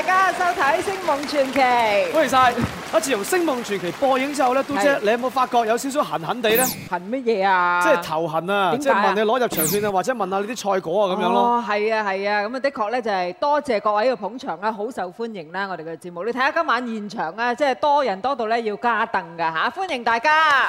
大家收睇《星夢傳奇》，歡迎晒！我自從《星夢傳奇》播映之後咧，都知你有冇發覺有少少痕痕地咧？痕乜嘢啊？即係頭痕啊！即係問你攞入場券啊，或者問下你啲菜果啊咁樣咯。係啊係啊，咁啊的，的，的確咧就係多謝，謝各位嘅捧場啦，好受歡迎啦，我哋嘅節目。你睇下今晚現場啊，即係多人多到咧要加凳噶嚇，歡迎大家！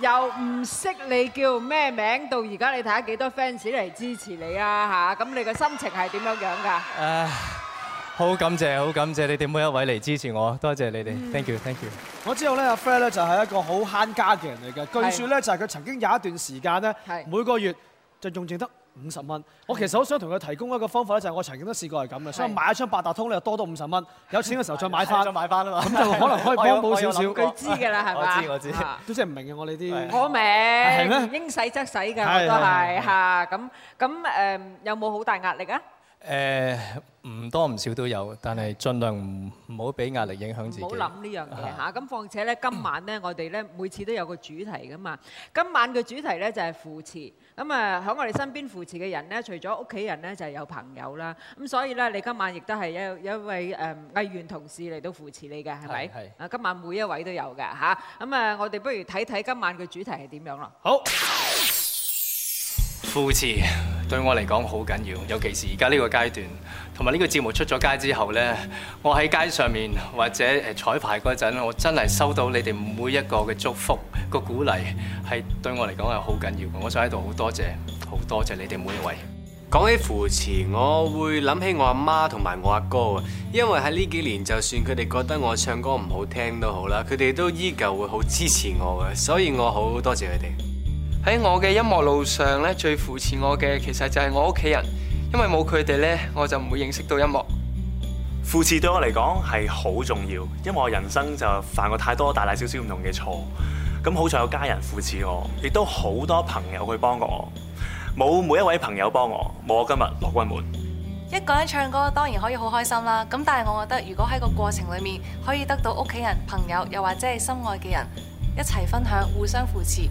又唔識你叫咩名？到而家你睇下幾多 fans 嚟支持你啊！嚇，咁你嘅心情係點樣樣㗎？誒，好感謝，好感謝你哋每一位嚟支持我，多謝你哋，thank you，thank you。我知道咧，阿 Fred 咧就係一個好慳家嘅人嚟嘅，據説咧就係佢曾經有一段時間咧，每個月就仲淨得，五十蚊，我其實好想同佢提供一個方法咧，就係、是、我曾經都試過係咁嘅，所以買一張八達通咧就多咗五十蚊，有錢嘅時候再買翻，再買翻啊嘛，咁就可能可以幫補少少。佢知㗎啦，係嘛？我知我知、啊，都真係唔明嘅我哋啲。我明，應使則使嘅。我都係吓。咁咁誒，有冇好大壓力啊？誒、呃、唔多唔少都有，但係儘量唔好俾壓力影響自己。唔好諗呢樣嘢嚇！咁況且咧，今晚咧我哋咧每次都有個主題噶嘛。今晚嘅主題咧就係扶持。咁啊，喺我哋身邊扶持嘅人咧，除咗屋企人咧，就係有朋友啦。咁所以咧，你今晚亦都係有一位誒、嗯、藝員同事嚟到扶持你嘅，係咪？係。啊，今晚每一位都有嘅嚇。咁啊，我哋不如睇睇今晚嘅主題係點樣囉。好，扶持。對我嚟講好緊要，尤其是而家呢個階段，同埋呢個節目出咗街之後呢，我喺街上面或者彩排嗰陣，我真係收到你哋每一個嘅祝福、個鼓勵，係對我嚟講係好緊要嘅。我想喺度好多謝，好多謝你哋每一位。講起扶持，我會諗起我阿媽同埋我阿哥啊，因為喺呢幾年，就算佢哋覺得我唱歌唔好聽都好啦，佢哋都依舊會好支持我嘅，所以我好多謝佢哋。喺我嘅音樂路上，最扶持我嘅其實就係我屋企人，因為冇佢哋，我就唔會認識到音樂。扶持對我嚟講係好重要，因為我人生就犯過太多大大小小唔同嘅錯。咁好在有家人扶持我，亦都好多朋友去幫我。冇每一位朋友幫我，冇我今日羅鈞滿。一個人唱歌當然可以好開心啦，咁但係我覺得如果喺個過程裏面可以得到屋企人、朋友又或者係心愛嘅人一齊分享、互相扶持。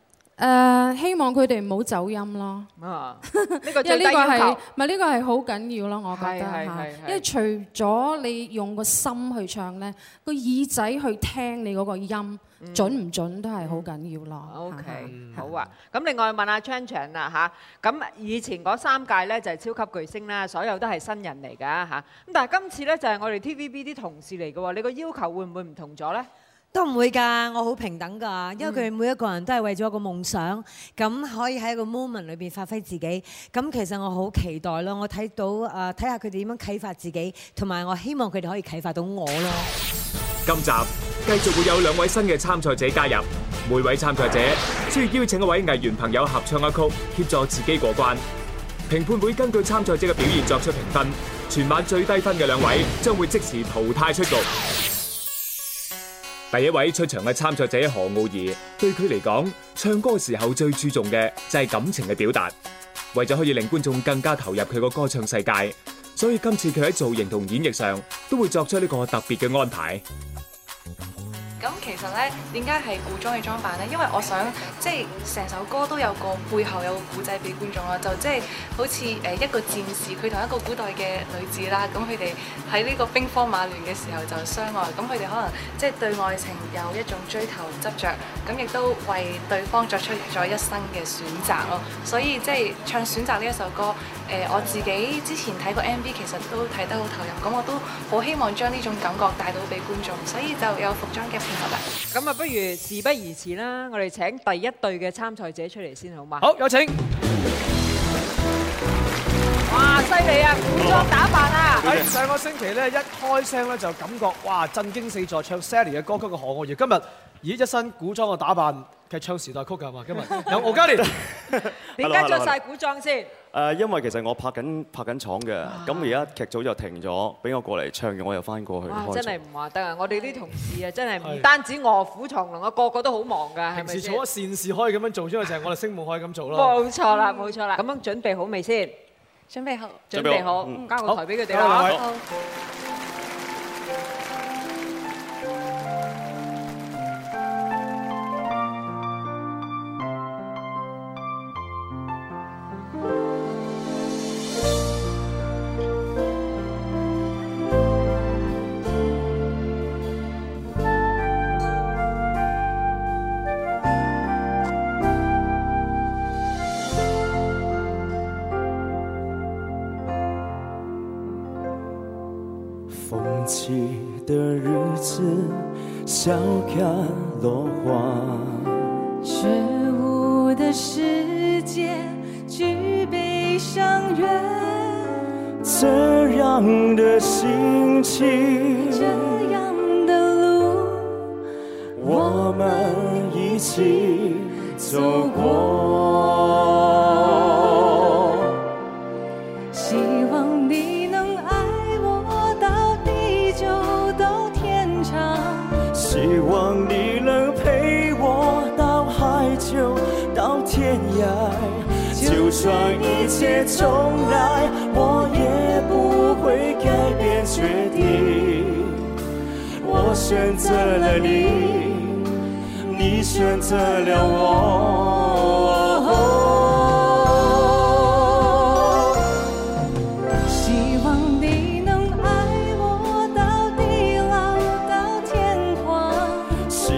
誒、uh, 希望佢哋唔好走音咯。啊、uh，因為呢個係呢、呢個係好緊要咯。我覺得嚇，因為除咗你用個心去唱咧，個耳仔去聽你嗰個音、mm. 準唔準都係好緊要咯。Mm. O、okay. K， 好啊。咁另外問阿 Chan Chan, 啦、啊、咁以前嗰三屆咧就係超級巨聲啦，所有都係新人嚟㗎嚇。咁、啊、但係今次咧就係我哋 T V B 啲同事嚟嘅喎，你個要求會唔會唔同咗咧？都唔會㗎，我好平等㗎，因為佢哋每一個人都係為咗一個夢想，咁可以喺一個 moment 裏面發揮自己。咁其實我好期待咯，我睇到誒睇下佢哋點樣啟發自己，同埋我希望佢哋可以啟發到我咯。今集繼續會有兩位新嘅參賽者加入，每位參賽者需要邀請一位藝員朋友合唱一曲，協助自己過關。評判會根據參賽者嘅表現作出評分，全晚最低分嘅兩位將會即時淘汰出局。第一位出場嘅參賽者何傲兒，對佢嚟講，唱歌嘅時候最注重嘅就係感情嘅表達。為咗可以令觀眾更加投入佢個歌唱世界，所以今次佢喺造型同演繹上都會作出呢個特別嘅安排。咁其實呢，點解係古裝嘅裝扮呢？因為我想即係成首歌都有個背後有個古仔俾觀眾咯，就即係好似誒一個戰士，佢同一個古代嘅女子啦，咁佢哋喺呢個兵荒馬亂嘅時候就相愛，咁佢哋可能即係對愛情有一種追求執着，咁亦都為對方作出咗一生嘅選擇咯。所以即係唱《選擇》呢一首歌，我自己之前睇過 MV 其實都睇得好投入，咁我都好希望將呢種感覺帶到俾觀眾，所以就有服裝嘅。咁啊，不如事不宜遲啦，我哋請第一隊嘅參賽者出嚟先好嗎？好，有請。哇！犀利啊，古裝打扮啊！佢上個星期咧一開聲咧就感覺哇震驚四座，唱 Sally 嘅歌曲嘅何傲兒。而今日，以一身古裝嘅打扮，佢唱時代曲係嘛？今日 有敖嘉年， 你而家著曬古裝先。誒、 啊，因為其實我拍緊拍緊廠嘅，咁而家劇組就停咗，俾我過嚟唱完，我又翻過去。場真係唔話得啊！我哋啲同事啊，真係唔單止卧虎藏龍，我個個都好忙㗎。係咪？做咗善事可以咁樣做，之外就係我哋星夢可以咁做咯。冇錯啦，冇錯啦，咁、嗯、樣準備好未先？準備好，準備好，交個台俾佢哋啦，好。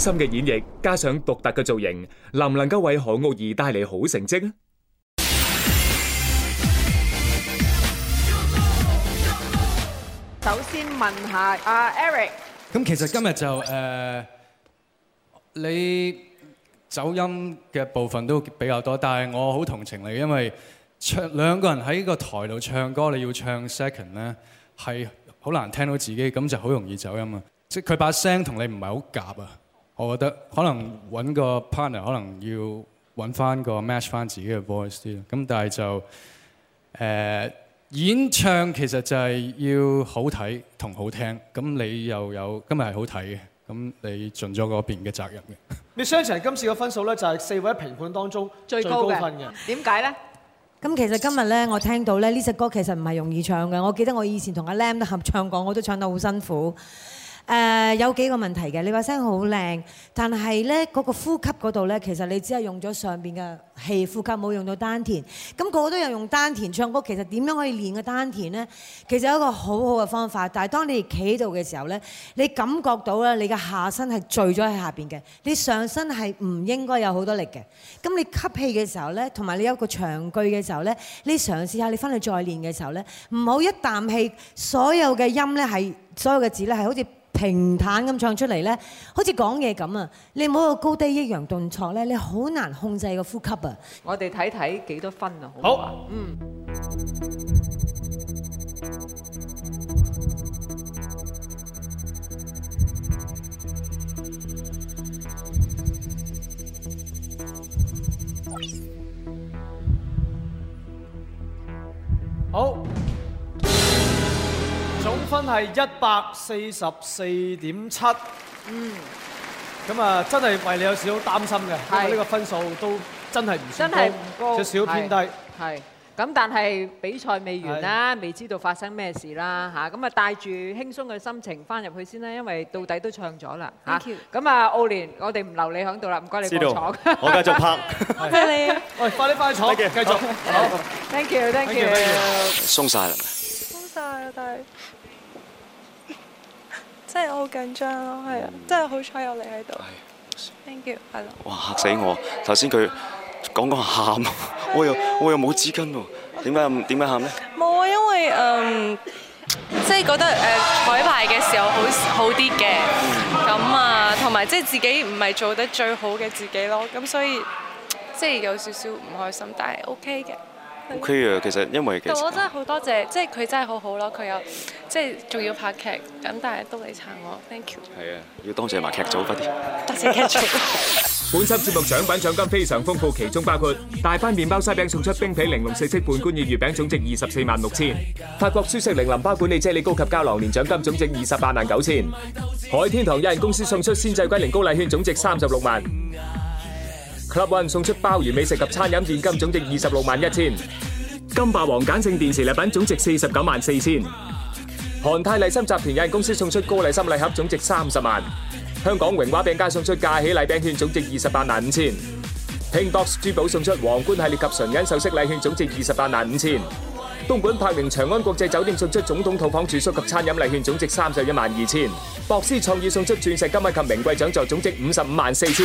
心嘅演繹，加上獨特嘅造型，能唔能夠為何傲兒帶嚟好成績咧？首先問下阿 Eric，咁其實今日就誒，你走音嘅部分都比較多，但係我好同情你，因為唱兩個人喺個台度唱歌，你要唱 second 咧，係好難聽到自己，咁就好容易走音啊！即係佢把聲同你唔係好夾啊。我覺得可能揾個 partner，可能要揾翻個 match 翻自己嘅 voice 啲咯。咁但係就誒、呃、演唱其實就係要好睇同好聽。咁你又有今日係好睇嘅，咁你盡咗嗰邊嘅責任嘅。你相信今次個分數咧就係四位評判當中最高嘅分。點解咧？咁其實今日咧，我聽到咧呢隻歌其實唔係容易唱嘅。我記得我以前同阿 Lam 都合唱過，我都唱得好辛苦。誒、uh, 有幾個問題嘅，你把聲好靚，但係咧嗰個呼吸嗰度咧，其實你只係用咗上邊嘅氣，呼吸冇用到丹田。咁、那個個都有用丹田唱歌，其實點樣可以練個丹田咧？其實有一個很好好嘅方法，但係當你企喺度嘅時候咧，你感覺到咧，你嘅下身係聚咗喺下邊嘅，你上身係唔應該有好多力嘅。咁你吸氣嘅時候咧，同埋你有一個長句嘅時候咧，你嘗試一下你翻去再練嘅時候咧，唔好一啖氣，所有嘅音咧係所有嘅字咧係好似。平坦咁唱出嚟咧，好似講嘢咁啊！你唔好個高低抑揚頓挫咧，你好難控制個呼吸啊！我哋睇睇幾多分啊！好啊，嗯。好。分係一百四十四點七，嗯，咁啊，真係為你有少少擔心嘅，咁呢個分數都真係唔高，少少偏低。係，咁但係比賽未完啦，未知道發生咩事啦嚇，咁啊帶住輕鬆嘅心情翻入去先啦，因為到底都唱咗啦嚇。咁啊，Owen，我哋唔留你喺度啦，唔該你快坐，我繼續拍，多謝你，快啲快啲坐，繼續，好，thank you，thank you，鬆曬啦，鬆曬，我哋。即係我好緊張咯，係啊！真係好彩有你喺度，thank you，係啦。哇嚇死我！頭先佢講講喊，我又我又冇紙巾喎，點解點解喊呢？冇啊，因為嗯，即、呃、係、係、覺得誒彩排嘅時候好好啲嘅，咁 啊，同埋即係自己唔係做得最好嘅自己咯，咁所以即係、係、有少少唔開心，但係 OK 嘅。OK 啊，其實因為其實我真係好多謝，即係佢真係好好咯。佢又即係仲要拍劇，咁但係都嚟撐我。Thank you。係啊，要多謝埋劇組。快啲多謝劇組。本輯節目獎品獎金非常豐富，其中包括大班麵包西餅送出冰皮玲瓏四色半官燕月餅總值二十四萬六千，法國舒適零林包管理啫喱高級膠囊年獎金總值二十八萬九千，海天堂有人公司送出鮮製龜苓高麗圈總值三十六萬。Club One 送出鮑魚美食及餐飲現金總值二十六萬一千，金霸王簡勝電視禮品總值四十九萬四千，韓泰麗心集團有限公司送出高麗參禮盒總值三十萬，香港榮華餅家送出嫁喜禮餅券總值二十八萬五千，Pink Box 珠寶送出皇冠系列及純銀首飾禮券總值二十八萬五千。東莞柏寧長安國際酒店送出總統套房住宿及餐飲禮券總值三十一萬二千，博思創意送出鑽石金咪及名貴獎座總值五十五萬四千。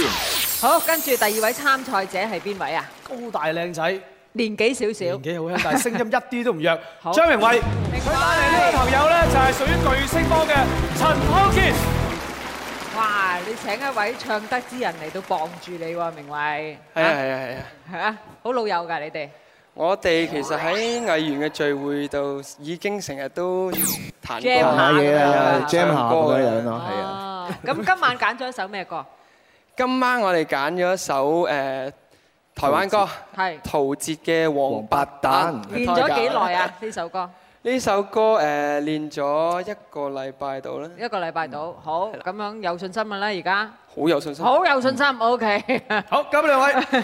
好，跟住第二位參賽者係邊位啊？高大靚仔，年紀少少，年紀好輕，但係聲音一啲都唔弱。張明偉，佢帶嚟呢位朋友咧就係屬於巨聲幫嘅陳康健。哇，你請一位唱得之人嚟到傍住你喎，明偉。係啊係啊係啊。吓，好老友噶你哋。我哋其實喺藝員嘅聚會度已經成日都彈下嘢啦，jam 下咁樣咯，係啊。咁今晚揀咗一首咩歌？今晚我哋揀咗一首誒台灣歌，係陶喆嘅《王八蛋》。練咗幾耐啊？呢首歌？呢首歌誒練咗一個禮拜度啦。一個禮拜度，好，咁樣有信心㗎啦！而家好有信心。好有信心，OK。好，咁兩位。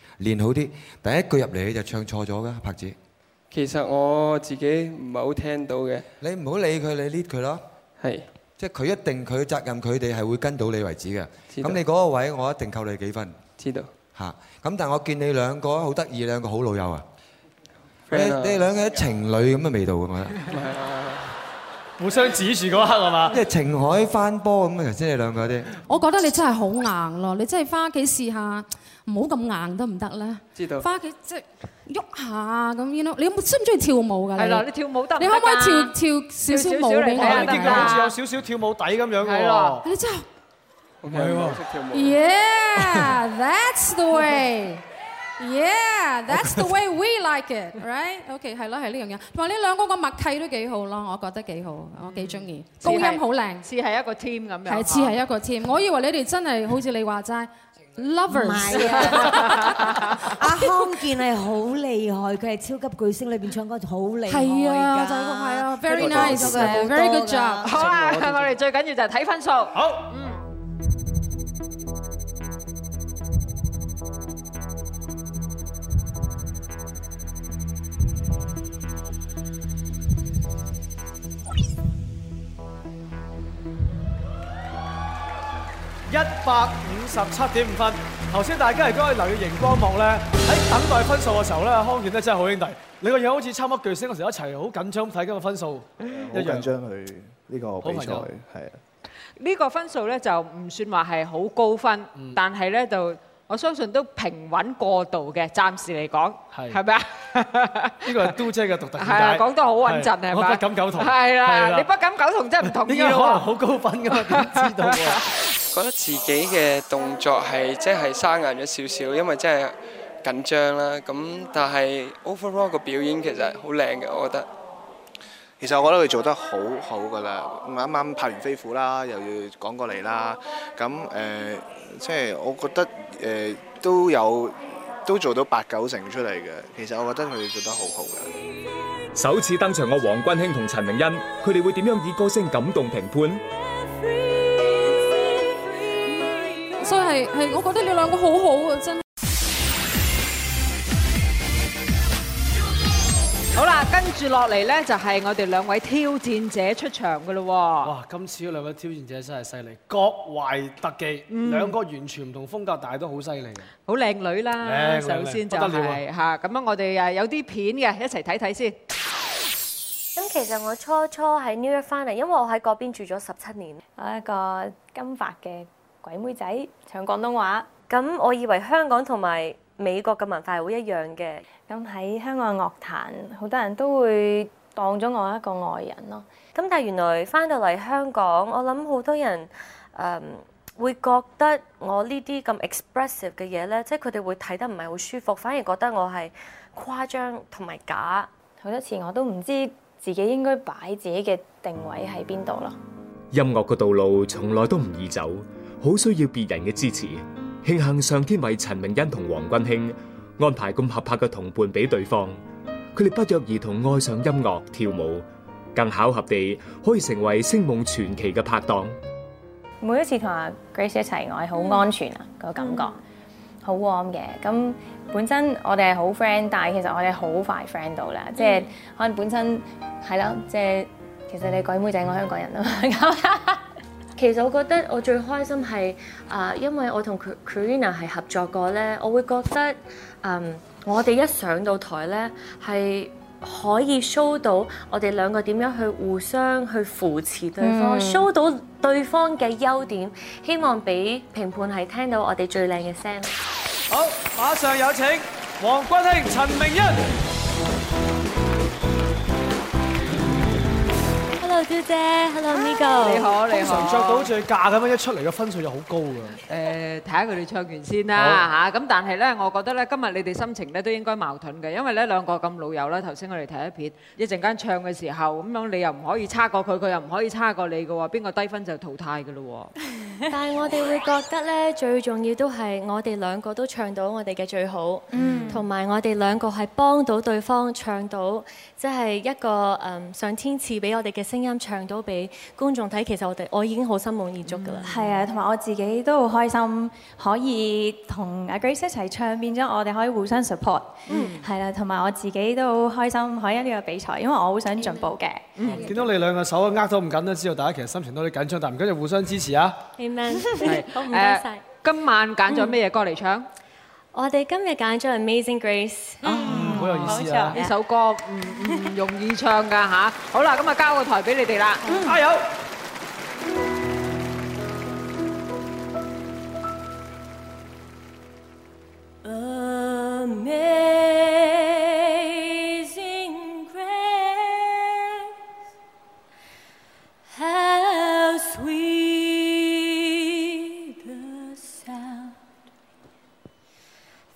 練好啲，第一句入嚟你就唱錯咗㗎，拍子。其實我自己唔係好聽到嘅。你唔好理佢，你 lead 佢咯。係，即係佢一定佢責任，佢哋係會跟到你為止㗎。知道。咁你嗰個位，我一定扣你幾分。知道。嚇！咁但係我見你兩個好得意，兩個好老友啊。你你哋兩個啲情侶咁嘅味道㗎嘛？係啊。互相指住嗰刻係嘛？即係情海翻波咁啊！頭先你兩個啲。我覺得你真係好硬咯，你真係返屋企試下。唔好咁硬都唔得啦，花旗即係喐下咁樣咯。你有冇中唔中意跳舞㗎？係啦，你跳舞得，你可唔可以跳跳少少舞嚟嘅？我見佢好似有少少跳舞底咁樣嘅喎。好啦，你真係係喎，識跳舞。Yeah，that's the way。Yeah，that's the way we like it。Right，OK，係咯，係呢樣嘢。同埋呢兩個個默契都幾好咯，我覺得幾好，我幾中意。高音好靚，似係一個 team 咁樣。係似係一個 team。我以為你哋真係好似你話齋。Lovers，阿康健係好厲害，佢係超級巨聲裏邊唱歌好厲害。係啊，就係啊，Very nice，Very good job。好啊，我哋最緊要就係睇分數。好，一百，十七點五分，頭先大家係都係留意熒光幕咧。喺等待分數嘅時候咧，康健咧真係好兄弟，你個樣好似參加巨聲嗰時一齊好緊張睇緊個分數，好緊張去呢個比賽，係啊。呢個分數咧就唔算話係好高分，但係咧就我相信都平穩過渡嘅，暫時嚟講係係咪啊？呢個係都姐嘅獨特嘅，係啊，講得好穩陣係嘛？我不敢苟同，係啊，你不敢苟同真係唔同嘅喎。可能好高分㗎嘛？點知道喎？覺得自己嘅動作係即係生硬咗少少，因為真係緊張啦。咁但係 overall 個表演其實好靚嘅，我覺得。其實我覺得佢做得好好㗎喇。啱啱拍完飛虎啦，又要趕過嚟啦。咁誒，即係我覺得誒都有都做到八九成出嚟嘅。其實我覺得佢哋做得好好㗎。首次登場嘅王君馨同陳明恩，佢哋會點樣以歌聲感動評判？係係，我覺得你兩個很好好啊，真係。好啦，跟住落嚟呢，就係我哋兩位挑戰者出場噶咯。哇，今次嘅兩位挑戰者真係犀利，各懷特技、嗯，兩個完全唔同風格，但係都好犀利。好靚女啦，首先就係、是、吓，咁樣我哋誒有啲片嘅，一齊睇睇先。咁其實我初初喺 New York 翻嚟，因為我喺嗰邊住咗十七年，我一個金髮嘅。鬼妹仔唱廣東話，咁我以為香港同埋美國嘅文化會一樣嘅。咁喺香港樂壇，好多人都會當咗我一個外人咯。咁但係原來返到嚟香港，我諗好多人誒、呃、會覺得我呢啲咁 expressive 嘅嘢呢，即係佢哋會睇得唔係好舒服，反而覺得我係誇張同埋假。好多次我都唔知自己應該擺自己嘅定位喺邊度囉。音樂嘅道路從來都唔易走。好需要別人嘅支持，慶幸上天為陳明恩同王君馨安排咁合拍嘅同伴俾對方，佢哋不約而同愛上音樂跳舞，更巧合地可以成為星夢傳奇嘅拍檔。每一次同阿 Grace 一齊，我係好安全啊個感覺，好 warm 嘅。咁本身我哋係好 friend，但係其實我哋好快 friend 到啦，即、嗯、係、就是、可能本身係啦，即係、就是、其實你鬼妹仔我香港人啊嘛。 其實我覺得我最開心係啊，因為我同 Corinna 係合作過咧，我會覺得嗯，我哋一上到台咧，係可以 show 到我哋兩個點樣去互相去扶持對方，show、嗯、到對方嘅優點，希望俾評判係聽到我哋最靚嘅聲。好，馬上有請王君馨、陳明恩。hello，Jo 姐，hello，Miko。你好，你好。着到最似嫁咁樣一出嚟，嘅分數就好高㗎。誒，睇下佢哋唱完先啦嚇。咁但係咧，我覺得咧，今日你哋心情咧都應該矛盾嘅，因為咧兩個咁老友啦。頭先我哋睇一片，一陣間唱嘅時候咁樣，你又唔可以差過佢，佢又唔可以差過你嘅喎，邊個低分就淘汰㗎咯。但係我哋會覺得咧，最重要都係我哋兩個都唱到我哋嘅最好，同埋我哋兩個係幫到對方唱到。即、就、係、是、一個誒上天賜俾我哋嘅聲音唱到俾觀眾睇，其實我哋我已經好心滿意足㗎啦，嗯。係啊，同埋我自己都好開心，可以同阿 Grace 一齊唱，變咗我哋可以互相 support。嗯，係啦，同埋我自己都好開心，可以喺呢個比賽，因為我好想進步嘅。嗯，見到你兩個手握到唔緊啦，知道大家其實心情都好緊張，但唔緊要，互相支持啊。Amen 好唔該、呃、今晚揀咗咩嘢歌嚟唱？嗯、我哋今日揀咗《Amazing Grace》啊。好有意思啊！呢首歌唔唔容易唱噶吓，好啦，咁啊交個台俾你哋啦，加油！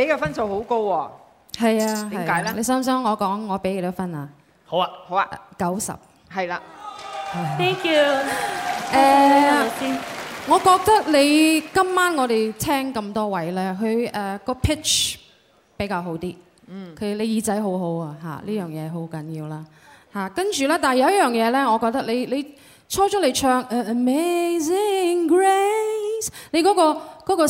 你嘅分數好高喎。係啊，點解咧？你想唔想我講我俾幾多分啊？好啊，好啊，九十，係啦、啊。Thank you、uh。誒，我覺得你今晚我哋聽咁多位咧，佢誒、呃個 pitch 比較好啲。嗯。佢你耳仔好好啊，嚇、啊啊、呢樣嘢好緊要啦。嚇，跟住咧，但係有一樣嘢咧，我覺得你你初初你唱。Uh, Amazing Grace. 你嗰、嗰個嗰個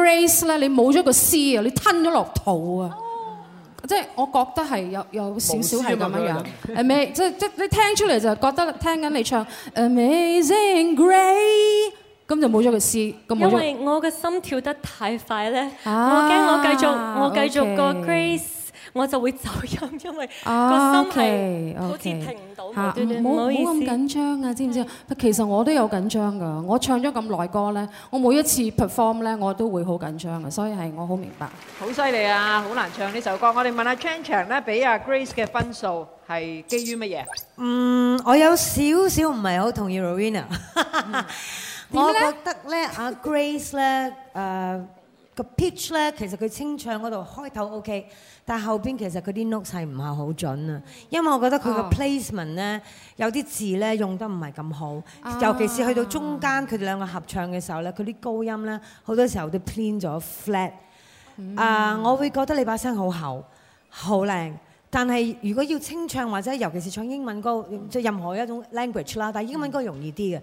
Grace 咧，你冇咗個 C 啊，你吞咗落肚啊，oh. 即係我覺得係有有少少係咁樣 amazing，即即你聽出嚟就覺得聽緊你唱 Amazing Grace，咁就冇咗個 C，咁冇咗。因為我嘅心跳得太快咧，ah, 我驚我繼續我繼續個、okay. Grace。我就會走音，因為個心係好似停唔到。唔好咁緊張啊！知唔知啊？其實我都有緊張噶。我唱咗咁耐歌咧，我每一次 perform 咧，我都會好緊張嘅。所以係我好明白。好犀利啊！好難唱呢首歌。我哋問阿 Chan Chan 咧，俾阿 Grace 嘅分數係基於乜嘢？嗯，我有少少唔係好同意 Rowena 我覺得咧，阿 Grace 咧、呃，誒。個 pitch 咧，其實佢清唱嗰度開頭 OK，但後面其實佢啲 notes 係唔係好準啊？因為我覺得佢個 placement 咧、oh. 有啲字咧用得唔係咁好，oh. 尤其是去到中間佢哋兩個合唱嘅時候咧，佢啲高音咧好多時候都偏咗 flat。啊，我會覺得你把聲好厚、好靚，但係如果要清唱或者尤其是唱英文歌，即、oh. 任何一種 language 啦，但英文歌容易啲嘅。Mm.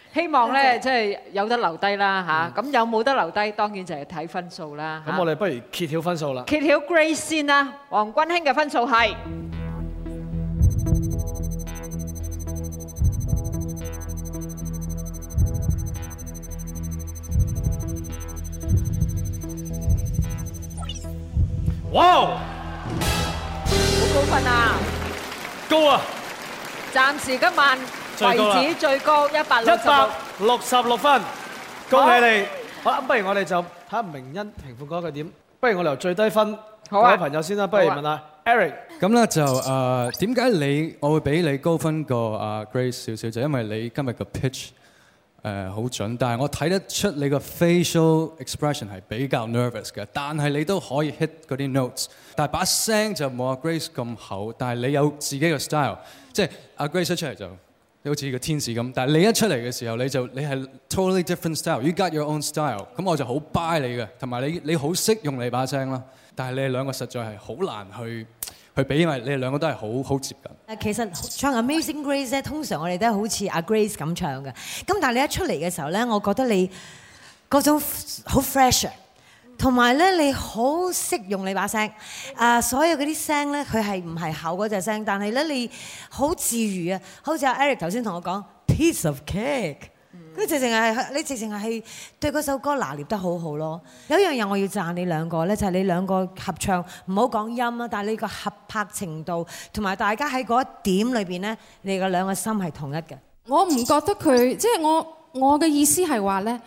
希望咧，即係有得留低啦嚇。咁有冇得留低，當然就係睇分數啦。咁我哋不如揭曉分數啦。揭曉 Grace 先啦，王君馨嘅分數係。哇！好高分啊！高啊！暫時今晚為止最高一百六十六分，恭喜你！好咁、啊，不如我哋就睇下明恩評判嗰個點。不如我由最低分有位、啊、朋友先啦。不如問下、啊啊、Eric。咁咧就誒，點解你我會畀你高分過阿、啊、Grace 少少？就因為你今日個 pitch 誒、呃、好準，但係我睇得出你個 facial expression 係比較 nervous 嘅，但係你都可以 hit 嗰啲 notes，但係把聲就冇阿、啊、Grace 咁厚，但係你有自己嘅 style，即係阿 Grace 出嚟就。你好似個天使咁，但係你一出嚟嘅時候，你就你係 totally different style，you got your own style，咁我就好 buy 你嘅，同埋你你好識用你把聲啦。但係你哋兩個實在係好難去去比，因為你哋兩個都係好好接近。其實唱 Amazing Grace 咧，通常我哋都係好似阿 Grace 咁唱嘅。咁但係你一出嚟嘅時候咧，我覺得你嗰種好 fresh。同埋咧，你好識用你把聲，啊，所有嗰啲聲咧，佢係唔係口嗰隻聲？但係咧，你好自如啊，好似阿 Eric 頭先同我講 piece of cake，佢直情係，你直情係對嗰首歌拿捏得好好咯。有一樣嘢我要讚你兩個咧，就係你兩個合唱，唔好講音啊，但係你個合拍程度同埋大家喺嗰一點裏邊咧，你個兩個心係同一嘅。我唔覺得佢，即係我我嘅意思係話咧。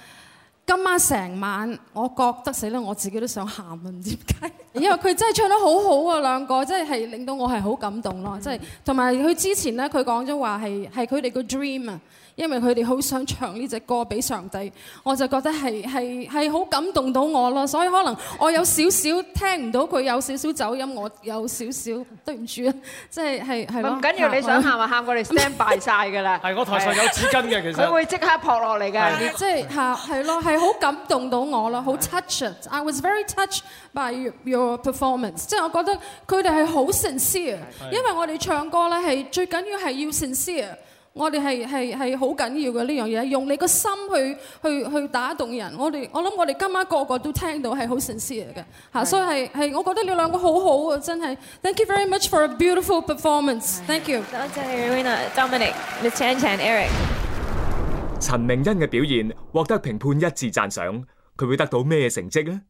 今晚成晚，我覺得死啦！我自己都想喊啦，唔知點解。 因為佢真係唱得好好啊，兩個真係令到我係好感動咯，同埋佢之前呢，佢佢講咗話係係佢哋個 dream 啊。因為佢哋好想唱呢隻歌俾上帝，我就覺得係係係好感動到我咯，所以可能我有少少聽唔到佢有少少走音，我有少少對唔住啊，即係係係。唔緊要，你想喊咪喊，我哋 stand by 晒噶啦。係 我台上有紙巾嘅，其實佢 會即刻撲落嚟嘅，即係嚇係咯，係好感動到我咯，好 touch。I was very touched by your performance。即係我覺得佢哋係好 sincere，因為我哋唱歌咧係最緊要係要 sincere。我哋係係係好緊要嘅呢樣嘢，用你個心去去去打動人。我哋我諗我哋今晚個個都聽到係好 sincere 嚟嘅嚇，所以係係，我覺得你兩個好好啊，真係。Thank you very much for a beautiful performance. Thank you。多謝 Karina、Dominic、Le Chen Chen、Eric。陳明恩嘅表現獲得評判一致讚賞，佢會得到咩成績咧？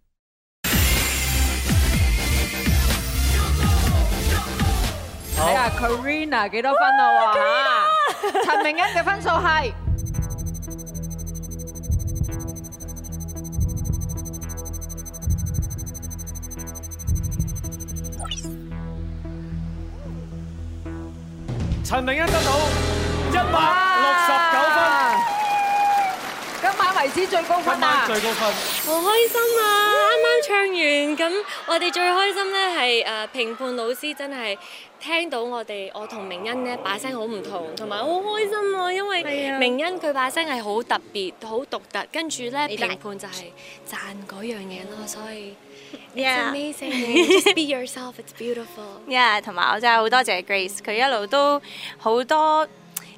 睇下 Karina 幾多分啊？哇！陳明恩嘅分數係，陳明恩得到一百六十七！歷史最高分啊！最高分，好開心啊！啱啱唱完，咁我哋最開心呢係誒評判老師真係聽到我哋，我同明恩呢把聲好唔同，同埋好開心啊！因為明恩佢把聲係好特別、好獨特，跟住呢評判就係讚嗰樣嘢咯，所以。Yeah. It's amazing. Just be yourself. It's beautiful. Yeah，同埋我真係好多謝 Grace，佢一路都好多。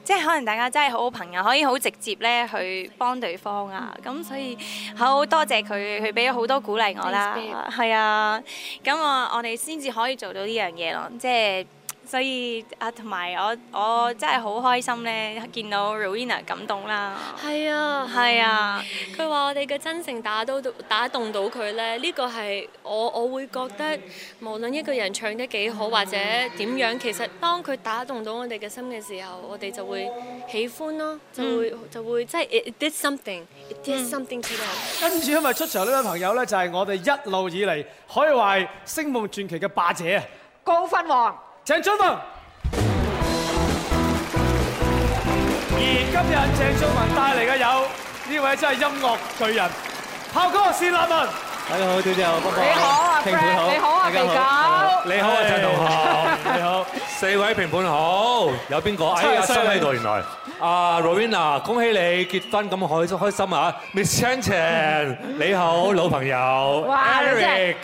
即係可能大家真係好好朋友，可以好直接咧去幫對方啊！咁所以好多謝佢，佢俾咗好多鼓勵我啦，係、nice, 啊！咁我我哋先至可以做到呢樣嘢咯，即係。所以啊，同埋我我真係好開心咧，見到 Rowena 感動啦。係啊，係、嗯、啊，佢話我哋嘅真誠打到打動到佢咧，呢、呢個係我我會覺得，無論一個人唱得幾好、嗯、或者點樣，其實當佢打動到我哋嘅心嘅時候，我哋就會喜歡咯、哦，就會、嗯、就會，就會即係 it did something, it did something、嗯、to 跟住因為出場呢位朋友咧，就係我哋一路以嚟可以話係星夢傳奇嘅霸者啊，高分王。鄭俊弘，而今日鄭俊弘帶嚟嘅有呢位真係音樂巨人，豹哥單立文。大家好，DJ 好，豹哥，你好啊，評判你好啊，肥九，你好啊，陳同學，你好，四位評判好，有邊個？哎呀，收喺度，原來啊，Rowena，恭喜你結婚，咁開開心啊，Miss Chan Chan，你好，老朋友，Eric。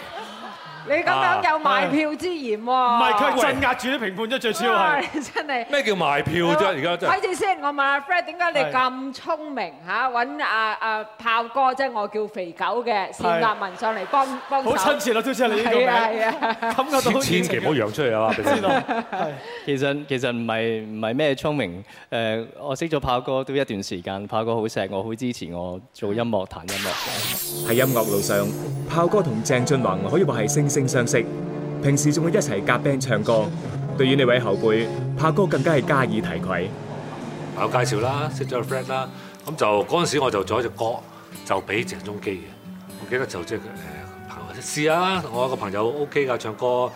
你咁樣有賣票之嫌喎！唔係佢鎮壓住啲評判一最超係，真係咩叫賣票啫？而家睇住先，我問阿 Fred 點解你咁聰明嚇？揾阿阿豹哥即係、就是、我叫肥狗嘅單立文上嚟幫幫手好親切咯，Twins 你呢個是的是的感覺到千祈唔好揚出嚟啊嘛！其實其實唔係唔係咩聰明誒，我識咗豹哥都一段時間，豹哥好錫我，好支持我做音樂彈音樂嘅。喺音樂路上，豹哥同鄭俊弘可以話係星、星。正相識，平時仲會一齊夾 band 唱歌。對於呢位後輩，豹哥更加係加以提攜。我介紹啦，識咗個 friend 啦，咁就嗰陣時我就做一隻歌，就俾鄭中基嘅。我記得就即係、呃、朋友。試下，我有一個朋友 O K 噶唱歌，咁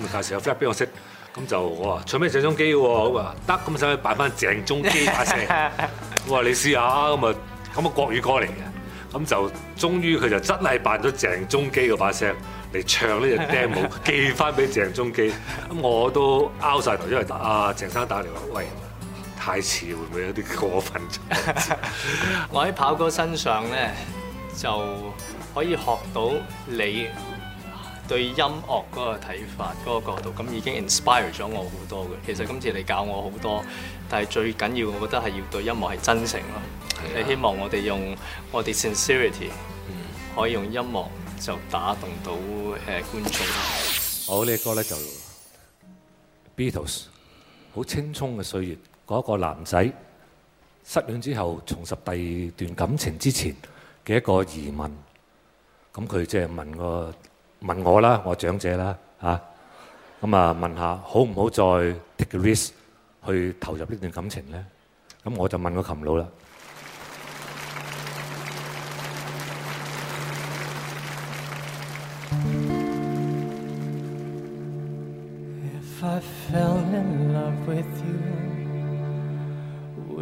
咪介紹個 friend 俾我識。咁就我話唱咩鄭中基喎、啊，咁啊得咁使唔使扮翻鄭中基把聲？ 我話你試下咁啊，咁啊國語歌嚟嘅，咁就終於佢就真係扮咗鄭中基嗰把聲。嚟唱呢隻 demo，寄翻俾鄭中基。咁我都拗晒頭打，因為阿鄭生打電話：，喂，太遲，會唔會有啲過分？ 我喺跑哥身上咧，就可以學到你對音樂嗰個睇法、嗰、嗰個角度。咁已經 inspire 咗我好多嘅。其實今次你教我好多，但係最緊要，我覺得係要對音樂係真誠咯。係、啊、希望我哋用我哋 sincerity，可以用音樂。就打動到誒、呃、觀眾。好，呢個、歌呢個咧就 Beatles 好青蔥嘅歲月，嗰、嗰個男仔失戀之後重拾第二段感情之前嘅一個疑問。咁佢即係問個問我啦，我長者啦嚇。咁啊問下好唔好再 take a risk 去投入呢段感情咧？咁我就問個琴佬啦。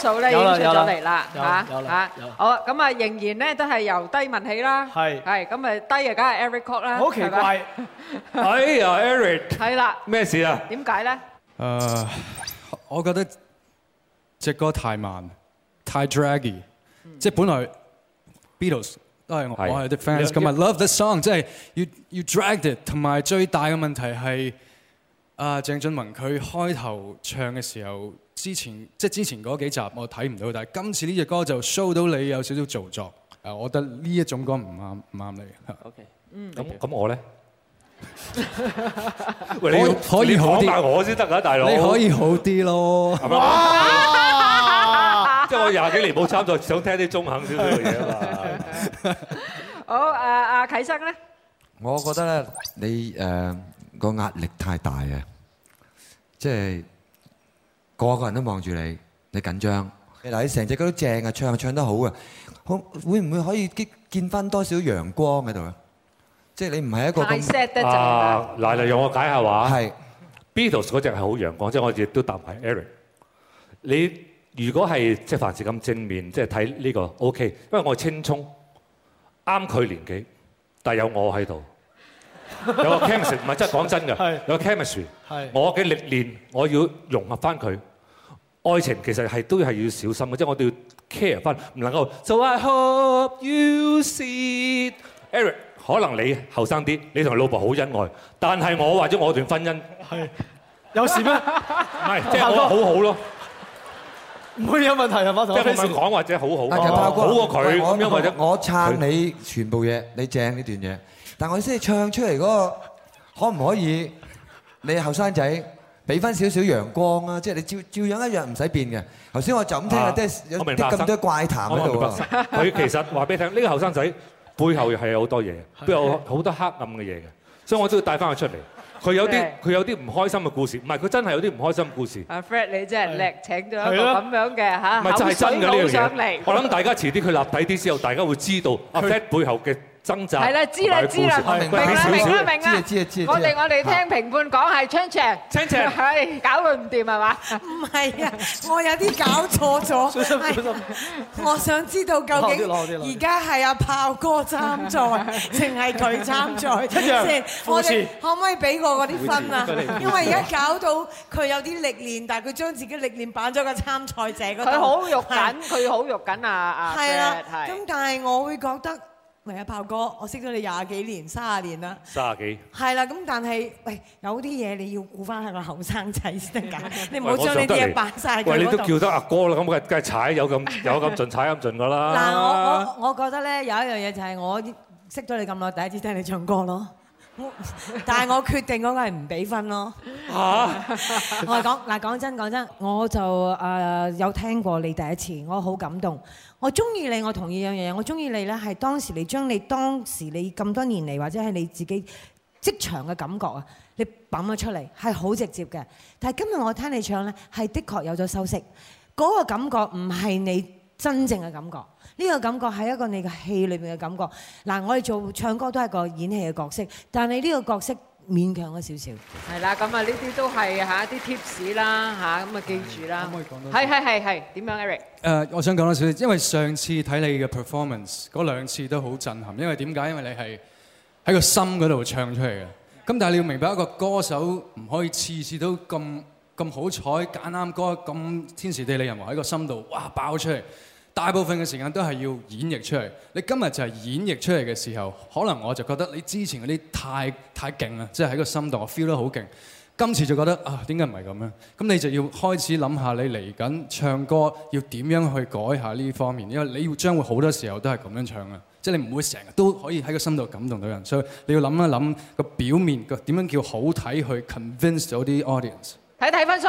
數咧已經出咗嚟啦嚇嚇，好啦咁啊，仍然咧都係由低問起啦，係係咁啊，低啊梗係 Eric 曲啦，好奇怪，哎呀 Eric，係啦，咩事啊？點解咧？誒，我覺得隻歌太慢，太 draggy，即係本來 Beatles 都係我係啲 fans，咁啊 love this song，即係要要 dragged it，同埋最大嘅問題係。啊，鄭俊弘佢開頭唱嘅時候，之前即係之前嗰幾集我睇唔到，但係今次呢隻歌就 show 到你有少少做作，啊，我覺得呢一種歌唔啱唔啱你。O K，嗯。咁咁我咧？你可以好啲，我先得啊，大佬。你可以好啲咯。哇！即係我廿幾年冇參賽，想聽啲中肯少少嘅嘢啊嘛。好，阿阿啟生咧。我覺得咧，你誒。個壓力太大啊、就是！即係個個人都望住你，你緊張。嗱，你成隻歌都正啊，唱又唱得好啊，好會唔會可以見見翻多少陽光喺度啊？即係你唔係一個太 sad 嘅仔嗱，嚟用我解下話。係 Beatles 嗰隻係好陽光，即係我亦都答埋 Eric。你如果係即係凡事咁正面，即係睇呢個 OK，因為我青葱啱佢年紀，但係有我喺度。有個 chemistry，唔係真係講真嘅。有個 chemistry，我嘅歷練，我要融合翻佢。愛情其實係都係要小心嘅，即係我哋要 care 翻，唔能夠。So I hope you see Eric。可能你後生啲，你同老婆好恩愛，但係我或者我段婚姻係有事咩？唔係，即係我好好咯，唔會有問題係嘛？即係冇人講或者好好，好過佢咁樣或者我撐你全部嘢，你正呢段嘢。但我先唱出嚟嗰個可唔可以？你後生仔俾翻少少陽光啊！即係你照照樣一樣唔使變嘅。頭先我就咁聽下，即係有啲咁多怪談喺度。佢其實話俾你聽，呢個後生仔背後係有好多嘢，背後好多黑暗嘅嘢嘅。所以我都要帶翻佢出嚟。佢有啲，佢有啲唔開心嘅故事，唔係，佢真係有啲唔開心故事。阿 Fred，你真係叻，請咗一個咁樣嘅嚇。唔係，真係真嘅呢樣嘢。我諗大家遲啲佢立體啲之後，大家會知道阿 Fred 背後嘅。掙扎係啦，知啦，知啦，明啦，明啦，明啦，啊啊啊啊，我哋我哋聽評判講係 challenge，challenge 搞亂唔掂係嘛？唔係啊，嗯、我有啲搞錯咗、啊。我想知道究竟而家係阿炮哥參賽，淨係佢參賽先？ 我哋可唔可以俾我嗰啲分啊？因為而家搞到佢有啲歷練，但係佢將自己歷練擺咗個參賽者度。佢好肉緊，佢好肉緊啊啊！係啦，咁但係我會覺得。喂啊，豹哥，我識咗你廿幾年、卅年啦。卅幾。係啦，咁但係，喂，有啲嘢你要顧翻係個後生仔先得，你唔好將呢啲嘢扮曬。喂，你都叫得阿哥啦，咁梗係梗係踩有，有咁有咁盡踩咁盡㗎啦。嗱，我我我覺得咧有一樣嘢就係我識咗你咁耐，第一次聽你唱歌咯。 但係我決定嗰個係唔俾分咯、啊。 我係講嗱，講真講真，我就誒、呃、有聽過你第一次，我好感動。我中意你，我同意樣樣嘢。我中意你呢，係當時你將你當時你咁多年嚟或者係你自己職場嘅感覺啊，你揼咗出嚟，係好直接嘅。但係今日我聽你唱呢，係的確有咗修飾，嗰、那個感覺唔係你真正嘅感覺。呢個感覺係一個你嘅戲裏邊嘅感覺。嗱，我哋做唱歌都係個演戲嘅角色，但係呢個角色勉強咗少少。係啦，咁啊，呢啲都係吓啲 tips 啦，吓咁啊，記住啦。可唔可以講多？係係係係，點樣 Eric？誒，我想講多少少，因為上次睇你嘅 performance，嗰兩次都好震撼。因為點解？因為你係喺個心嗰度唱出嚟嘅。咁但係你要明白，一個歌手唔可以次次都咁咁好彩揀啱歌，咁天時地利人和喺個心度，哇爆出嚟！大部分嘅時間都係要演繹出嚟。你今日就係演繹出嚟嘅時候，可能我就覺得你之前嗰啲太太勁啦，即係喺個心度我 feel 得好勁。今次就覺得啊，點解唔係咁樣？咁你就要開始諗下你嚟緊唱歌要點樣去改下呢方面，因為你要將會好多時候都係咁樣唱嘅，即係你唔會成日都可以喺個心度感動到人。所以你要諗一諗個表面個點樣叫好睇去 convince 到啲 audience。睇睇分數。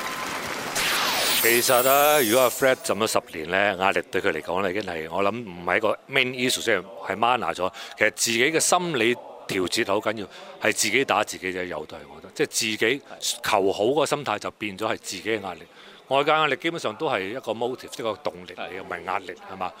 其實啊，如果阿 Fred 浸咗十年咧，壓力對佢嚟講咧已經係我諗唔係一個 main issue，即係係 mana 咗。其實自己嘅心理調節好緊要，係自己打自己嘅友隊。我覺得即係自己求好個心態就變咗係自己嘅壓力。外界壓力基本上都係一個 motive，一個動力，又唔係壓力，係嘛？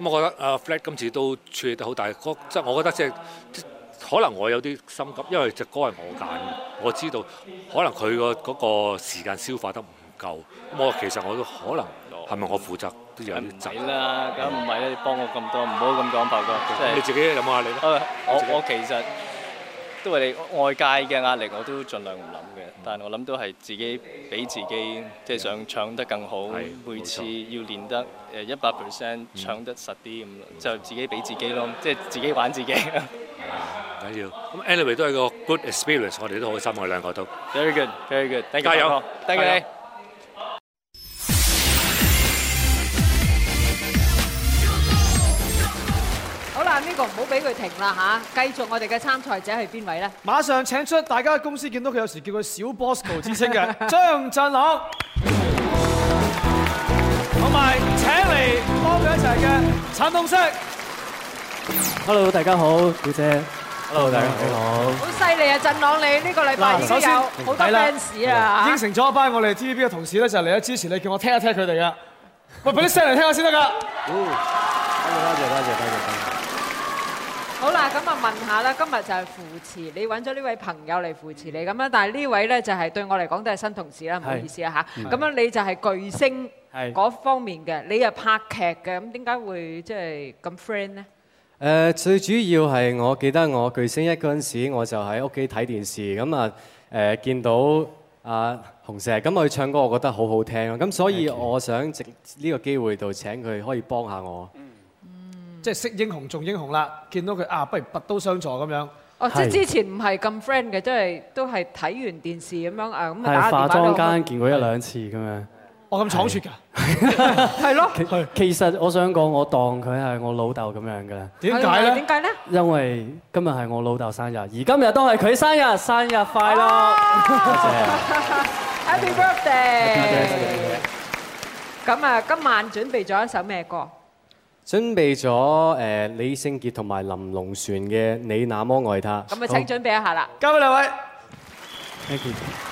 咁我覺得阿 Fred 今次都處理得好大。即係我覺得即係可能我有啲心急，因為隻歌係我揀嘅，我知道可能佢個嗰個時間消化得唔。唔。夠，咁我其實我都可能係咪我負責都有啲責任啦？咁唔係咧，幫我咁多，唔好咁講白講。即係你自己諗下你咧。我我其實都係你外界嘅壓力，我都盡量唔諗嘅。但係我諗都係自己俾自己，即係想唱得更好。每次要練得誒一百 percent，唱得實啲咁咯。就自己俾自己咯，即係自己玩自己，緊要。咁 anyway 都係個 good experience，我哋都好心，我哋兩個都 very good，very good，加油，thank you。呢個唔好俾佢停啦，嚇、啊，繼續我哋嘅參賽者係邊位咧？馬上請出大家公司見到佢有時叫佢小 Bosco 之稱嘅張振朗，同 埋請嚟幫佢一齊嘅陳鴻碩。Hello，大家好，表姐。Hello, Hello，大家好。好犀利啊！振朗你呢個禮拜已經有好多 fans 啊！應承咗一班我哋 TVB 嘅同事咧，就嚟咗支持你叫我聽一聽佢哋啊。喂，俾啲聲嚟聽下先得㗎。唔，多謝多謝。謝謝謝謝。好啦，咁啊問下啦，今日就係扶，扶持你揾咗呢位朋友嚟扶持你咁啦，但係呢位咧就係、是、對我嚟講都係新同事啦，唔好意思啦嚇。咁樣你就係巨聲嗰方面嘅，你又拍劇嘅，咁點解會即係咁 friend 咧？誒、呃，最主要係我記得我巨聲一嗰陣時，我就喺屋企睇電視咁啊誒，見到阿鴻碩咁佢唱歌，我覺得好好聽咯。咁所以我想藉呢個機會度請佢可以幫下我。嗯即係識英雄重英雄啦！見到佢啊，不如拔刀相助咁樣。哦，即係之前唔係咁 friend 嘅，都係都係睇完電視咁樣啊，咁啊打打打。化妝間見過一兩次咁樣。我咁闖禍㗎。係咯。其實我想講，我當佢係我老豆咁樣㗎。點解咧？點解咧？因為今日係我老豆生日，而今日都係佢生日，生日快樂。Happy birthday！咁啊，今晚準備咗一首咩歌？準備咗李聖傑同埋林隆璇嘅《你那麼愛他》，咁啊請準備一下啦，交俾兩位。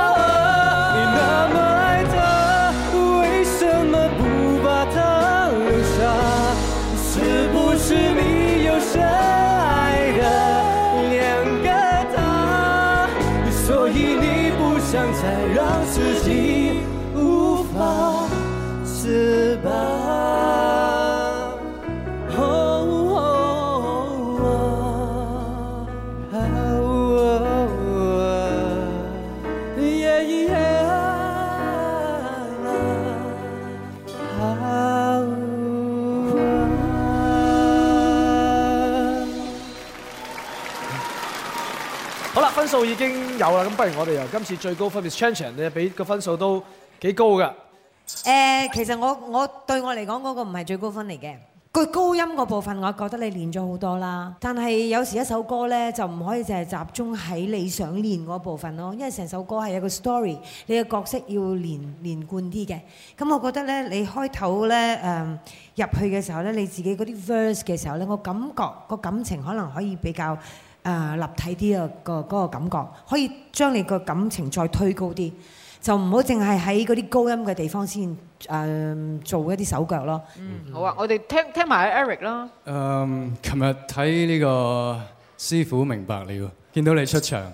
分數已經有啦，咁不如我哋由今次最高分嘅 Chanting 咧，你俾個分數都幾高噶。誒，其實我我對我嚟講嗰個唔係最高分嚟嘅。個高音個部分，我覺得你練咗好多啦。但係有時一首歌咧，就唔可以淨係集中喺你想練嗰部分咯，因為成首歌係有個 story，你嘅角色要連連貫啲嘅。咁我覺得咧，你開頭咧誒入去嘅時候咧，你自己嗰啲 verse 嘅時候咧，我感覺個感情可能可以比較，誒立體啲啊，個嗰個感覺，可以將你個感情再推高啲，就唔好淨係喺嗰啲高音嘅地方先誒做一啲手腳咯。嗯，好啊，我哋聽聽埋 Eric 啦，嗯。誒，琴日睇呢個師傅明白了，見到你出場，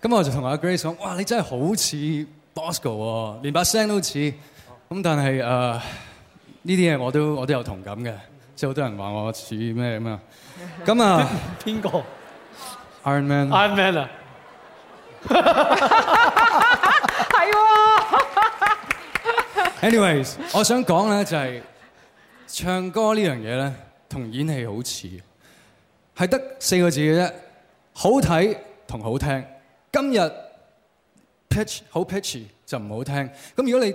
咁我就同阿 Grace 講：哇，你真係好似 Bosco，連把聲都似。咁但係誒呢啲嘢我都我都有同感嘅，即係好多人話我似咩咁啊。咁啊，邊個？Iron Man。Iron Man 啊！係喎。Anyways，我想講咧就係唱歌呢樣嘢咧，同演戲好似，係得四個字嘅啫，好睇同好聽。今日 pitch 好 pitchy 就唔好聽。咁如果你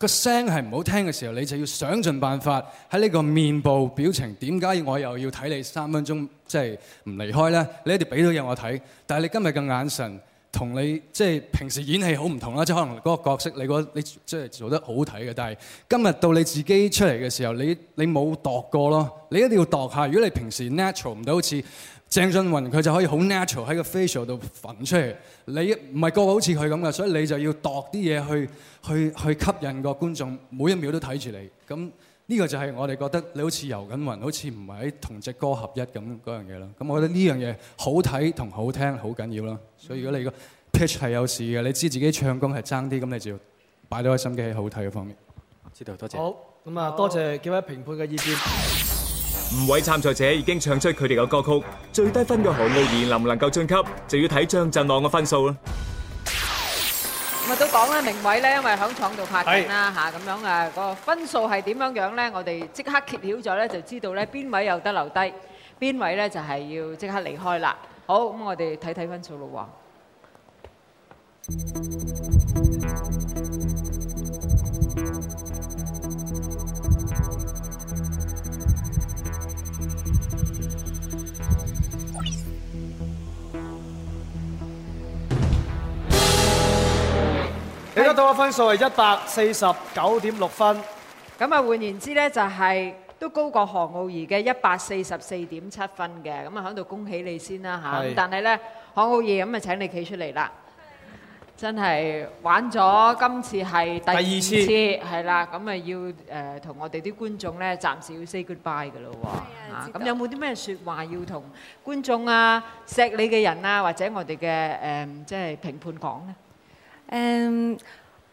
個聲係唔好聽嘅時候，你就要想盡辦法喺呢個面部表情，點解我又要睇你三分鐘，即係唔離開咧？你一定要俾到嘢我睇。但係你今日嘅眼神同你即係、就是、平時演戲好唔同啦，即係可能嗰個角色你覺你即係做得好睇嘅，但係今日到你自己出嚟嘅時候，你你冇度過咯，你一定要度下。如果你平時 natural 唔到，好似～鄭俊弘佢就可以好 natural 喺個 facial 度揈出嚟，你唔係個個好似佢咁嘅，所以你就要度啲嘢去去去吸引個觀眾，每一秒都睇住你。咁呢個就係我哋覺得你好似遊緊雲，好似唔係喺同隻歌合一咁嗰樣嘢咯。咁我覺得呢樣嘢好睇同好聽好緊要咯。所以如果你個 pitch 係有事嘅，你知自己唱功係爭啲，咁你就要擺多心機喺好睇嘅方面。知道多謝,謝。好，咁啊，多謝幾位評判嘅意見。五位參賽者已經唱出佢哋嘅歌曲，最低分嘅何傲兒能唔能夠晉級，就要睇張振朗嘅分數啦。我都講啦，明位咧，因為響廠度拍片啦吓，咁樣啊個分數係點樣樣咧？我哋即刻揭曉咗咧，就知道咧，邊位有得留低，邊位咧就係要即刻離開啦。好，咁我哋睇睇分數咯。大家到嘅分數係一百四十九點六分，咁啊換言之咧就係、是、都高過何傲兒嘅一百四十四點七分嘅，咁啊喺度恭喜你先啦嚇，但係咧何傲兒咁啊請你企出嚟啦，真係玩咗今次係第二次係啦，咁啊要誒同我哋啲觀眾咧暫時要 say goodbye 嘅咯喎，嚇咁有冇啲咩説話，要同觀眾啊錫你嘅人啊或者我哋嘅誒即係評判講咧？嗯、um,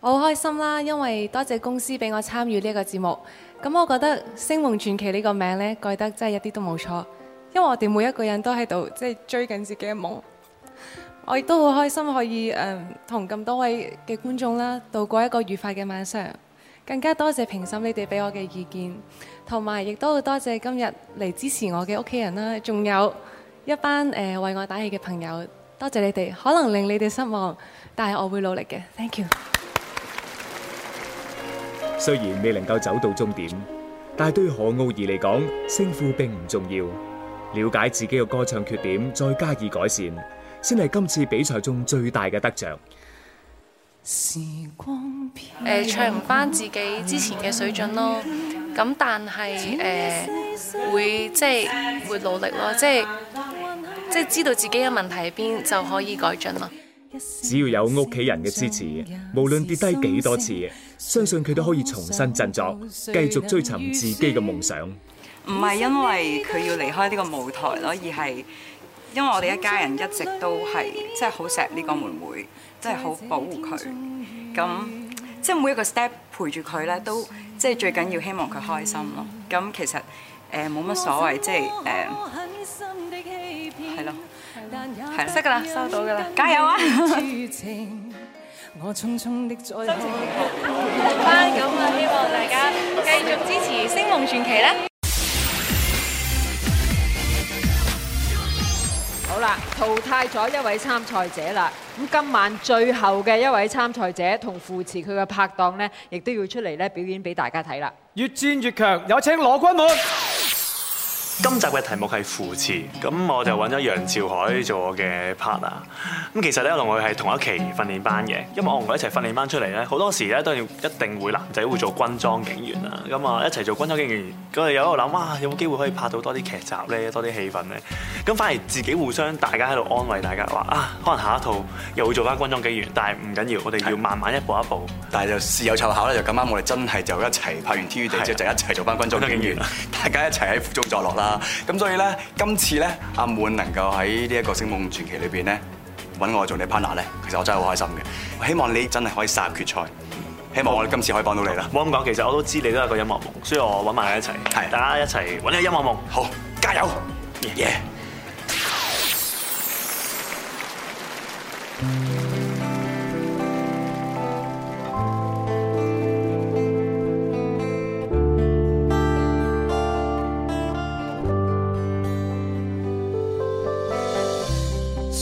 我好開心啦，因為多謝公司俾我參與呢一個節目。咁我覺得《星夢傳奇》呢個名呢，改得真係一啲都冇錯。因為我哋每一個人都喺度即係追緊自己嘅夢。我亦都好開心可以同咁、um, 多位嘅觀眾啦，度過一個愉快嘅晚上。更加多謝評審你哋俾我嘅意見，同埋亦都好多謝今日嚟支持我嘅屋企人啦，仲有一班誒、呃、為我打氣嘅朋友。多謝你哋，可能令你哋失望，但係我會努力嘅。Thank you。雖然未能夠走到終點，但係對何傲兒嚟講，勝負並唔重要。了解自己嘅歌唱缺點，再加以改善，先係今次比賽中最大嘅得著。時光飄。唱唔翻自己之前嘅水準咯。咁，但係誒、呃，會即係會努力咯，即係。即係知道自己嘅問題喺邊，就可以改進咯。只要有屋企人嘅支持，無論跌低幾多次，相信佢都可以重新振作，繼續追尋自己嘅夢想。唔係因為佢要離開呢個舞台咯，而係因為我哋一家人一直都係即係好錫呢個妹妹，即係好保護佢。咁即係每一個 step 陪住佢咧，都即係最緊要希望佢開心咯。咁其實誒冇乜所謂，即係誒。呃係識噶啦，收到噶啦，加油啊！好啦，咁 啊，希望大家繼續支持《星夢傳奇》啦。好啦，淘汰咗一位參賽者啦。咁今晚最後嘅一位參賽者同扶持佢嘅拍檔呢，亦都要出嚟咧表演俾大家睇啦。越戰越強，有請羅鈞滿。今集嘅題目係扶持，咁我就揾咗楊潮凱做我嘅 partner。咁其實咧，我同佢係同一期訓練班嘅，因為我同佢一齊訓練班出嚟咧，好多時咧都要一定會男仔會做軍裝警員啊。咁啊，一齊做軍裝警員，咁啊有喺度諗啊，有冇機會可以拍到多啲劇集咧，多啲戲份咧？咁反而自己互相大家喺度安慰大家話啊，可能下一套又會做翻軍裝警員，但係唔緊要，我哋要慢慢一步一步是。但係就事有湊巧咧，就咁啱我哋真係就一齊拍完《天與地》之後就一齊做翻軍裝警員，大家一齊喺苦中作樂啦。咁所以咧，今次咧，阿滿能夠喺呢一個星夢傳奇裏邊咧，揾我做你 partner 咧，其實我真係好開心嘅。我希望你真係可以殺入決賽，希望我哋今次可以幫到你啦。唔好咁講，其實我都知你都係個音樂夢，所以我揾埋你一齊，係大家一齊搵你音樂夢。好，加油！耶、yeah. yeah.！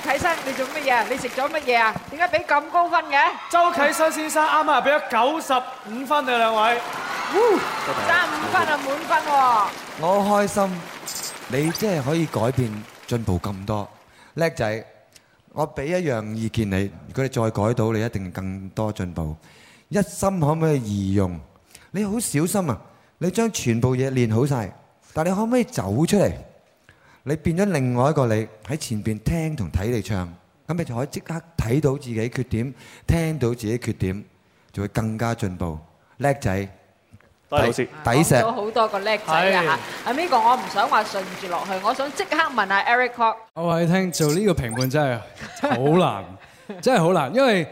啟生，你做乜嘢？你食咗乜嘢啊？點解俾咁高分嘅？周啟生先生啱啱啊，俾咗九十五分啊，兩位。九十五分啊，滿分喎！我開心，你即係可以改變、進步咁多，叻仔！我俾一樣意見你，如果你再改到，你一定更多進步。一心可唔可以易用？你好小心啊！你將全部嘢練好晒，但你可唔可以走出嚟？你變咗另外一個你，喺前邊聽同睇你唱，咁你就可以即刻睇到自己缺點，聽到自己缺點，就會更加進步。叻仔，多謝老師，抵錫咗好多個叻仔啊！嚇，係呢個我唔想話順住落去，我想即刻問下 Eric。我話你聽，做呢個評判真係好難，真係好難，因為，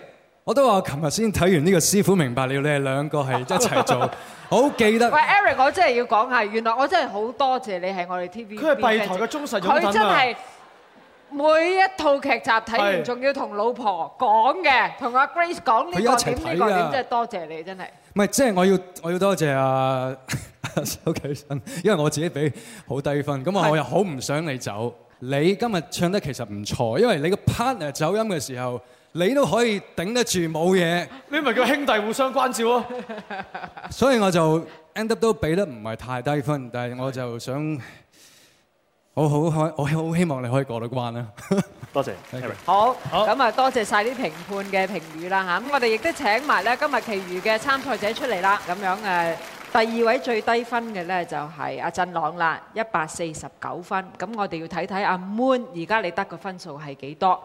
我都話我琴日先睇完呢個師傅明白了，你哋兩個係一齊做， 好記得。喂，Eric，我真係要講下，原來我真係好多謝你係我哋 TVB 嘅。佢係閉台嘅忠實擁躉啊！佢真係每一套劇集睇完，仲要同老婆講嘅，同阿 Grace 講呢個點呢個點、這個，真係多謝，謝你真係。唔係，即、就、係、是、我要我要多謝阿周啟生因為我自己俾好低分，咁啊我又好唔想你走。你今日唱得其實唔錯，因為你個 partner 走音嘅時候。你都可以頂得住冇嘢，你咪叫兄弟互相關照咯。所以我就 end up 都俾得唔係太低分，但係我就想我好我好希望你可以過到關啦。多謝，好，咁啊，多謝晒啲評判嘅評語啦嚇。咁我哋亦都請埋咧今日其餘嘅參賽者出嚟啦，咁樣誒。第二位最低分嘅呢，就係阿震朗啦，一百四十九分。咁我哋要睇睇阿 Moon，而家你得嘅分數係幾多？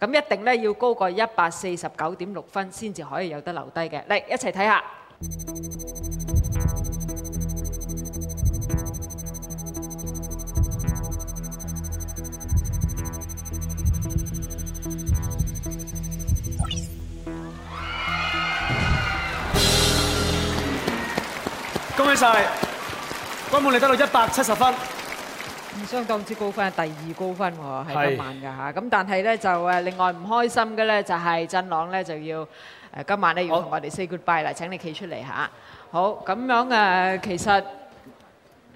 咁一定呢，要高過一百四十九點六分先至可以有得留低嘅。嚟一齊睇下。恭喜曬！鈞滿你得到一百七十分，唔相當之高分，係第二高分喎，係今晚噶嚇。咁但係咧就誒，另外唔開心嘅咧就係振朗咧就要誒今晚咧要同我哋 say goodbye 啦。請你企出嚟嚇。好咁樣誒，其實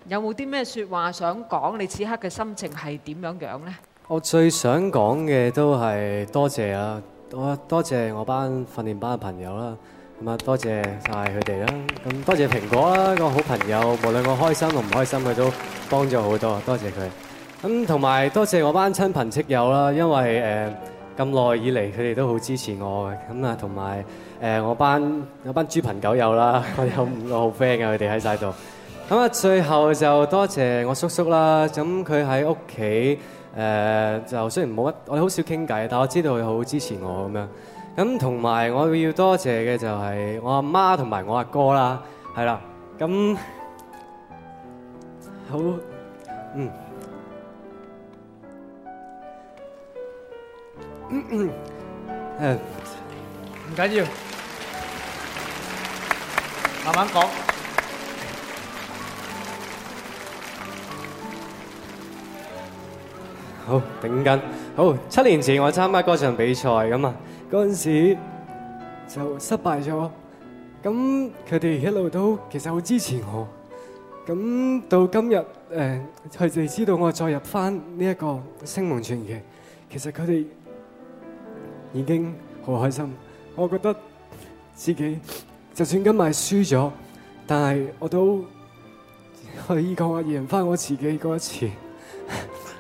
有冇啲咩説話想講？你此刻嘅心情係點樣樣咧？我最想講嘅都係多謝啊！我多謝我班訓練班嘅朋友啦。咁啊，多謝晒佢哋啦！咁多謝蘋果啦，個好朋友，無論我開心同唔開心，佢都幫咗好多，多謝佢。咁同埋多謝我班親朋戚友啦，因為誒咁耐以嚟，佢哋都好支持我嘅。咁啊，同埋誒我班有班豬朋狗友啦，我有我好 friend 嘅佢哋喺晒度。咁啊，最後就多謝我叔叔啦。咁佢喺屋企誒，就雖然冇乜，我哋好少傾偈，但我知道佢好支持我咁樣。咁同埋我要多謝嘅就係我阿媽同埋我阿哥啦，係啦，咁好，嗯，嗯嗯，誒，唔緊要，慢慢講，好頂緊，好七年前我參加嗰場比賽咁啊。嗰陣時就失敗咗，咁佢哋一路都其實好支持我，咁到今日誒佢哋知道我再入翻呢一個星夢傳奇，其實佢哋已經好開心。我覺得自己就算今日輸咗，但係我都可以講我贏翻我自己嗰一次。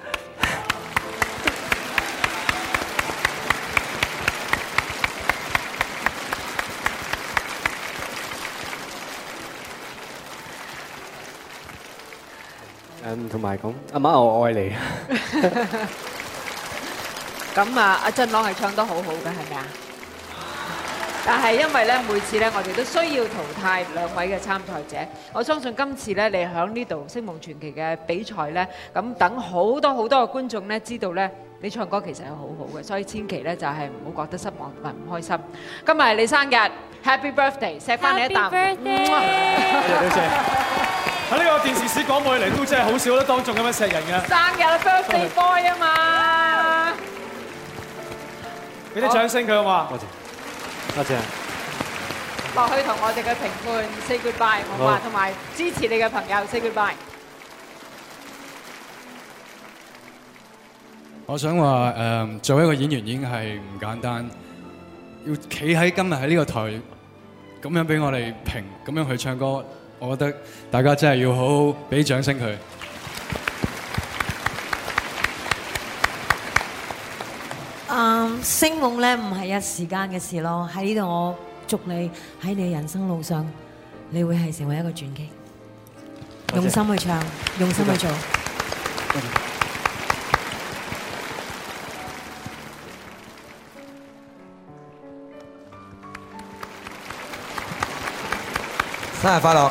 同埋講，阿媽我愛你。咁啊，阿俊朗係唱得好好嘅，係咪啊？但係因為咧，每次咧，我哋都需要淘汰兩位嘅參賽者。我相信今次咧，你響呢度《星夢傳奇》嘅比賽咧，咁等好多好多嘅觀眾咧，知道咧，你唱歌其實係好好嘅。所以千祈咧，就係唔好覺得失望同埋唔開心。今日係你生日，Happy Birthday！錫翻你一啖。喺呢個電視史講起嚟，都真係好少得當眾咁樣錫人嘅。生日，First Boy 啊嘛，俾啲掌聲佢好嘛？多謝，多謝。落去同我哋嘅評判 Say Goodbye 好嘛，同埋支持你嘅朋友 Say Goodbye。我想話誒，作為一個演員已經係唔簡單，要企喺今日喺呢個台，咁樣俾我哋評，咁樣去唱歌。我覺得大家真係要好好俾掌聲佢。嗯，星夢咧唔係一時間嘅事咯，喺呢度我祝你喺你嘅人生路上，你會係成為一個傳奇。用心去唱，用心去做。生日快樂！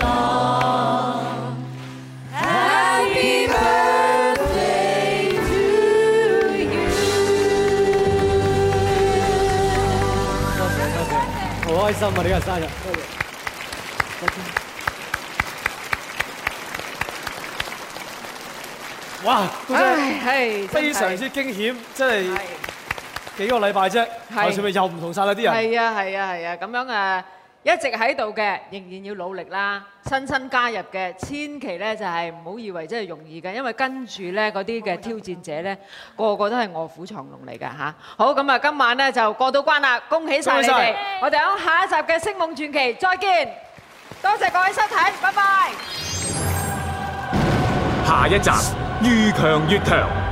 開心，唔該曬你。哇，係係，非常之驚險，真係幾個禮拜啫，頭先咪又唔同曬啦啲人。係啊係啊係啊，咁樣啊。一直喺度嘅，仍然要努力啦。新新加入嘅，千祈咧就係唔好以為真係容易嘅，因為跟住咧嗰啲嘅挑戰者咧，個個都係臥虎藏龍嚟㗎。吓。好咁啊，今晚咧就過到關啦，恭喜晒你！我哋喺下一集嘅《星夢傳奇》再見，多謝各位收睇，拜拜。下一集遇強越強。